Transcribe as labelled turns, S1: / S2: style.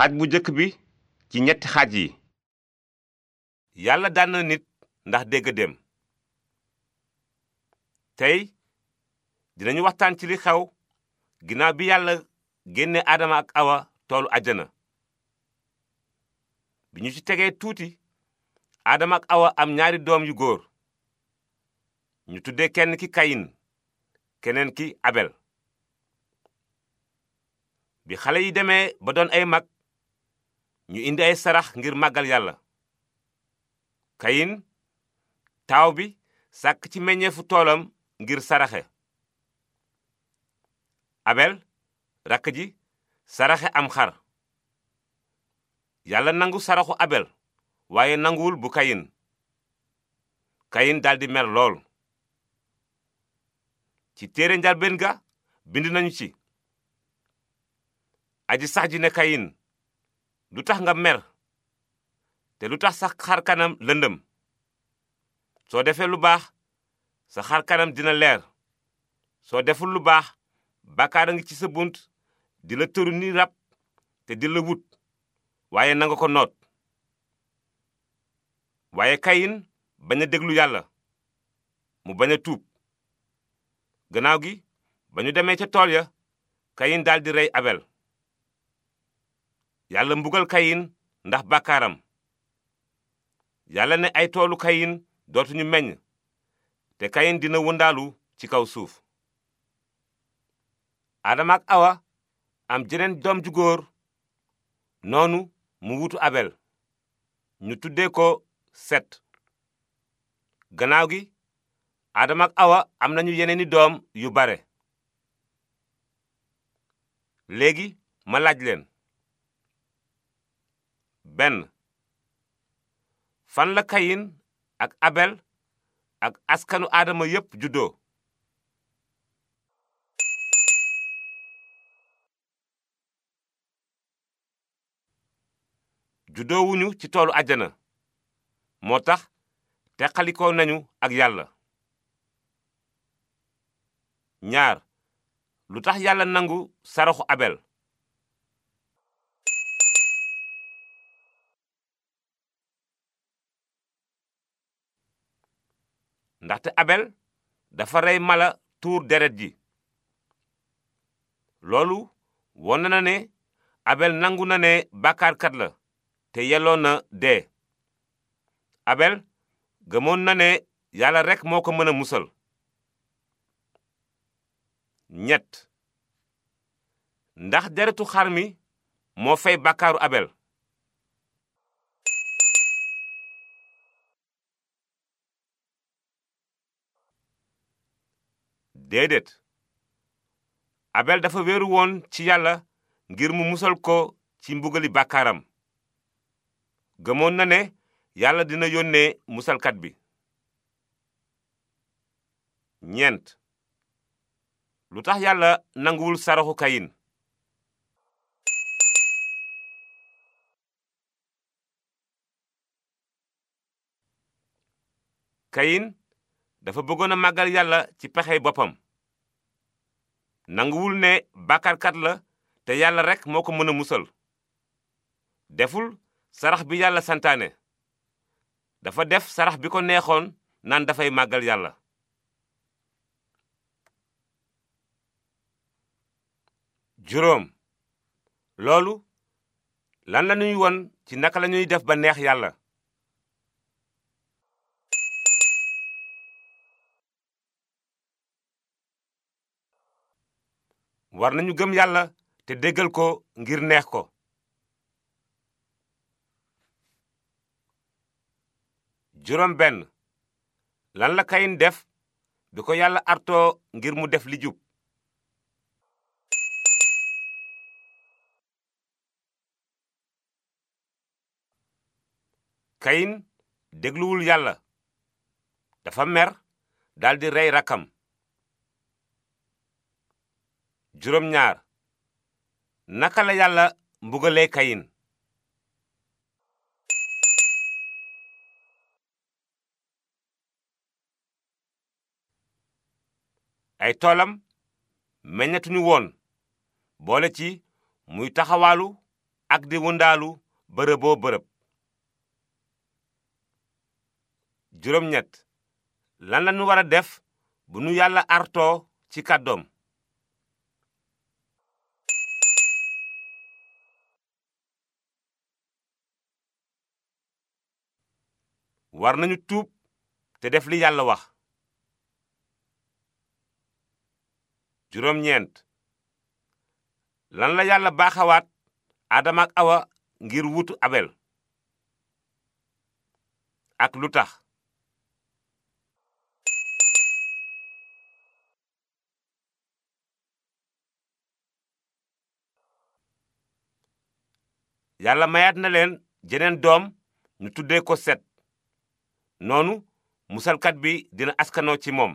S1: xaaj bu njëkk bi ci ñetti xaaj yi yàlla daan na nit ndax dégg dem tey dinañu waxtaan ci li xew ginaaw bi yàlla génne aadama ak awa toolu àjjana bi ñu ci tegee tuuti aadama ak awa am ñaari doom yu góor ñu tuddee kenn ki kayin keneen ki abel bi xale yi demee ba doon ay mag ñu indi ay sarax ngir màggal yàlla kayin taaw bi sàkk ci meññeefu toolam ngir saraxe abel rakk ji saraxe am xar yàlla nangu saraxu abel waaye nanguwul bu kayin kayin daldi mer lool ci téere njalbéen ga bind nañu ci aj sax ji ne kayin lu tax nga mer te lu tax sa xar kanam lëndëm soo defee lu baax sa xar dina leer soo deful lu baax bàkkaar a ngi ci sa bunt di la tëru ni rab te di la wut waaye nanga ko noot waaye kayin bañ a déglu yàlla mu bañ a tuub gannaaw gi ba ñu demee ca tool ya kayin di rey abel yàlla mbugal kayin ndax bàkkaaram yàlla ne ay toolu kayin dootuñu meññ te kayin dina wëndaalu ci kaw suuf adama ak awa am jeneen doom ju góor noonu mu wutu abel ñu tuddee ko set ganaaw gi adama ak awa am nañu yeneeni doom yu bare léegi ma laaj leen benn fan la kayin ak abel ak askanu aadama yépp juddoo juddoowuñu ci toolu àjjana moo tax teqalikoo nañu ak yàlla ñaar lu tax yàlla nangu saraxu abel ndaxte abel dafa rey mala tuur deret ji loolu won na ne abel nangu na ne bàkkaarkat la te yelloon na dee abel gëmoon na ne yàlla rekk moo ko mën a musal ñett ndax deretu xar mi moo fay bàkkaaru abel déedéet abel dafa wéeru woon ci yàlla ngir mu musal ko ci mbugali bàkkaaram gëmoon na ne yàlla dina yónnee musalkat bi ñeent lu tax yàlla nanguwul saraxu kayin kayin dafa bëggoon a màggal yàlla ci pexey boppam nanguwul ne bakkalkat la te yàlla rekk moo ko mën a musal deful sarax bi yàlla santaane dafa def sarax bi ko neexoon nan dafay màggal yàlla juróom loolu lan la won ci naka lañuy ñuy def ba neex yàlla war nañu gëm yàlla te déggal ko ngir neex ko juróom lan la kayin def bi ko yàlla artoo ngir mu def li jub kayin dégluwul yàlla dafa mer daldi rey rakkam juróom ñaar naka la yàlla mbugalee kayin ay toolam meññatuñu woon boole ci muy taxawaalu ak di wëndaalu bërëboo bërëb juróom ñett lan lañu war a def bu nu yàlla artoo ci kàddoom war nañu tuub te def li yàlla wax juróom ñeent lan la yàlla baaxawaat aadama awa ngir wutu abel ak lu tax yàlla mayaat na leen jeneen doom ñu tuddee ko set noonu musalkat bi dina askanoo ci moom